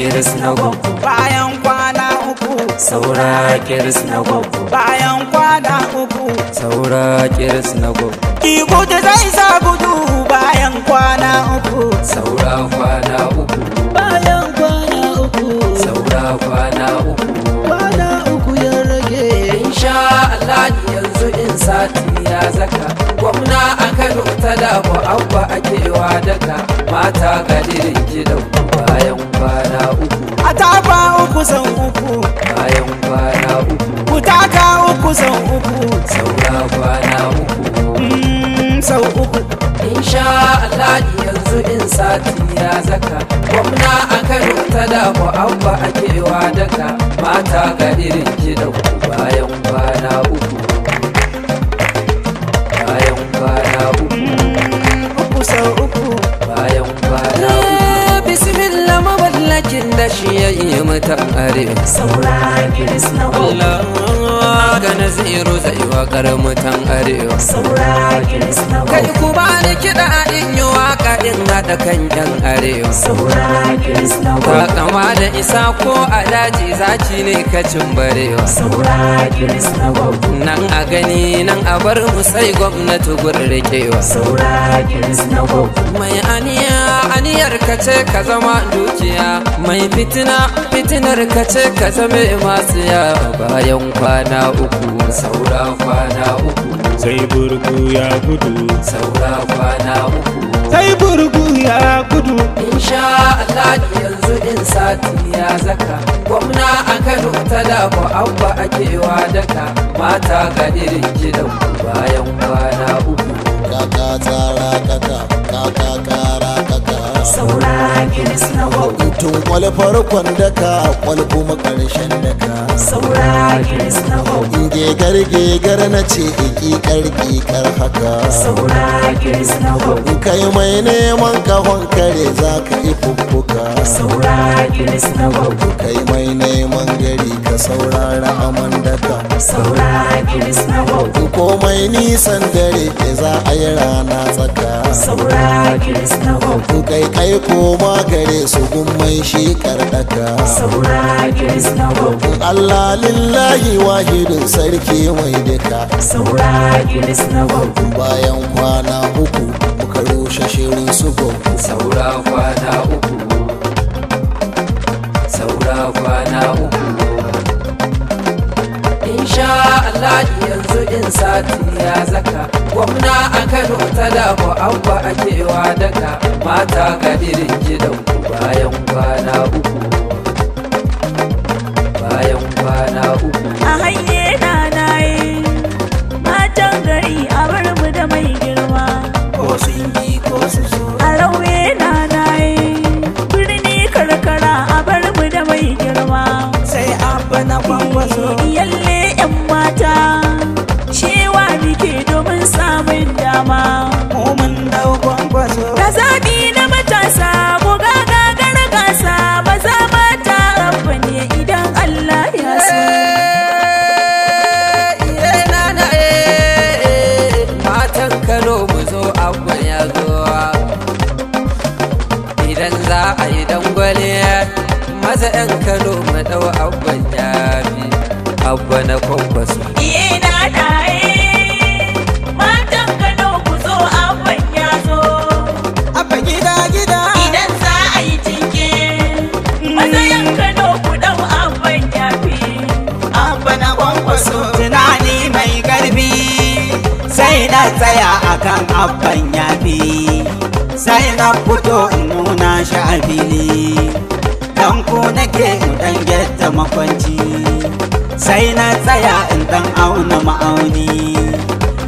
kiris na gwaggo bayan kwana uku saura kiris na gwaggo bayan kwana uku saura kiris na gwaggo ki da zai sa gudu bayan kwana uku saura kwana uku bayan kwana uku saura kwana uku kwana uku ya rage insha Allah yanzu in sati ya zaka gwamna a Kano ta dafa abba akewa daga mata ga dirin gidan bayan kwana uku a tafa uku zan uku bayan kwana uku ku taka uku zan uku saura kwana uku mm, sau uku insha Allah yanzu in sati ya zaka gwamna a kano ta damu an ba a kewa daka mata ga irin kiɗau da kan yan arewa ta kama da isa ko a daji zaki ne kacin barewa nan a gani nan a bar mu sai gwamnati gurrikewa mai aniya aniyar ka ce ka zama dukiya mai fitina fitinar ka ce ka zame masu yawa bayan kwana uku saura kwana uku Zai burgu ya gudu saura kwana uku kai burgu ya gudu insha Allah yanzu din sati ya zaka gwamna a Kano ta da ku abba ake wa daka mata ga irin gidan bayan kwana uku kaka tsara kaka saura gilis na hau tun kwal farkon daka kwal kuma ƙarshen daka saura gilis na hau gegar gegar na ce ikikar kikar haka saura gilis na hau kai mai neman kahon kare za ka yi fuffuka saura gilis na hau kai mai neman gari ka saurara aman daka saura gilis na hau komai nisan dare ke za a yi rana tsaka saura kirista ku kai kai koma gare su gummai shi karɗaka. saura kirista ku allah lillahi wahidin sarki mai duka saura kirista ku bayan kwana uku muka rushe shirin su gobe saura kwana uku saura kwana uku insha Allah yanzu in sati ya zaka gwamna a Kano ta da talaku abba akewa daka mata gadirin gidan ku bayan kwana uku dama mu mun dau kwankwaso ka zabi na matasa mu ga gagar gasa maza mata abu ne idan Allah ya so matan eh, eh, eh, Kano mu zo abu ya zo idan za a yi dangwale maza 'yan Kano mu dau abu ya fi abu na ya tsaya akan abban yafi sai na fito in nuna shi a fili dan ku nake dan getta makwanci sai na tsaya in dan auna ma'auni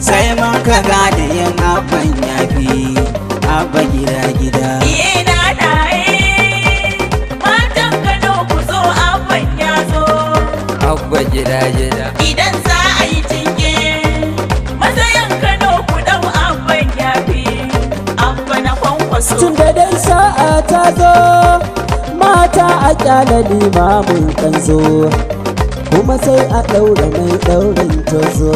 sai mun kaga da yin abban yafi abba gida gida ta zo mata a kyala limamin kan zo kuma sai a ɗaura mai ɗaurin ta zo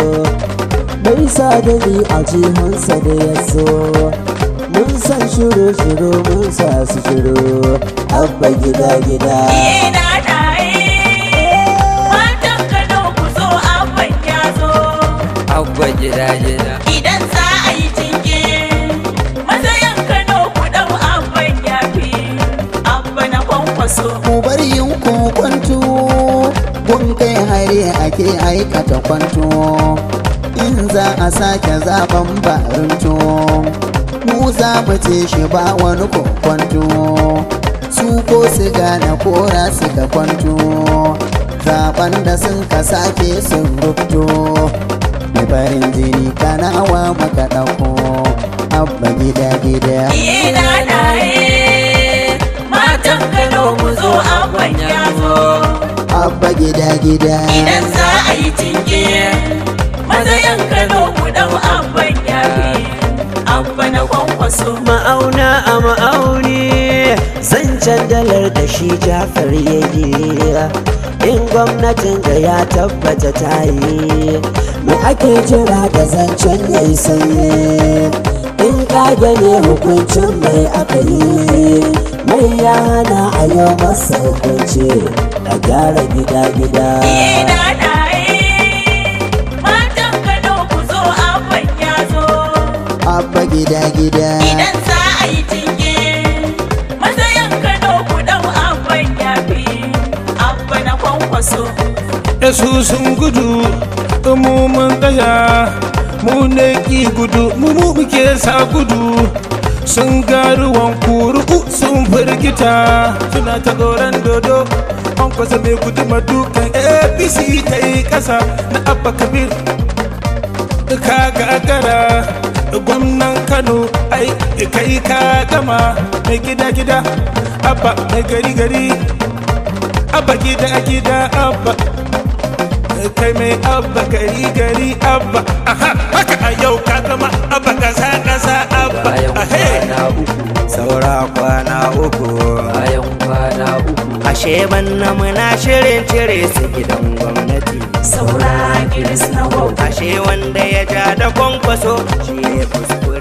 mai sadari a jihunsa da ya mun san shiru shiru mun sa su shiru abba gida gida abba gida gida ku bar yin kwanto gun kai hare ake aikata kwantu. in za a sake zaben barinto mu za mu ce shi ba wani kwanto su ko su gane kora suka kwanto zaben da sun ka sake sun rubuto mai farin jini wa maka ɗauko abba gida gida zo abban ya zo abba gida gida idan za a yi Maza mazayan kano ku dau abban yari. abba na kwankwaso ma'auna a ma'auni Zan dalar da shi jafar ya yi. in gwamnatin da ya tabbata ta yi mu ake jira da zancen ya yi sanyi in ka gane hukuncin mai aka yi mai ya hana a yau masa hukunci a gyara gida-gida Abba gida-gida Idan za a yi tinge Matsayin kano ku ɗau abban yafi Abba na kwankwaso Yasu sun gudu Umumin kaya Mu ne ki gudu Mu muke sa gudu sun ga ruwan sun firgita suna ta goron dodo an kwasa mai guduma dukan apc ta yi kasa na abba kabir ka gagara gwamnan kano ai kai ka gama mai gida gida abba mai gari gari abba gida gida abba kai mai abba gari gari abba aha haka a yau ka kwana uku bayan kwana uku ashe na muna shirin cire su gidan gwamnati saura kiris na ashe wanda ya ja da kwankwaso shi ne kuskure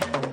Thank you.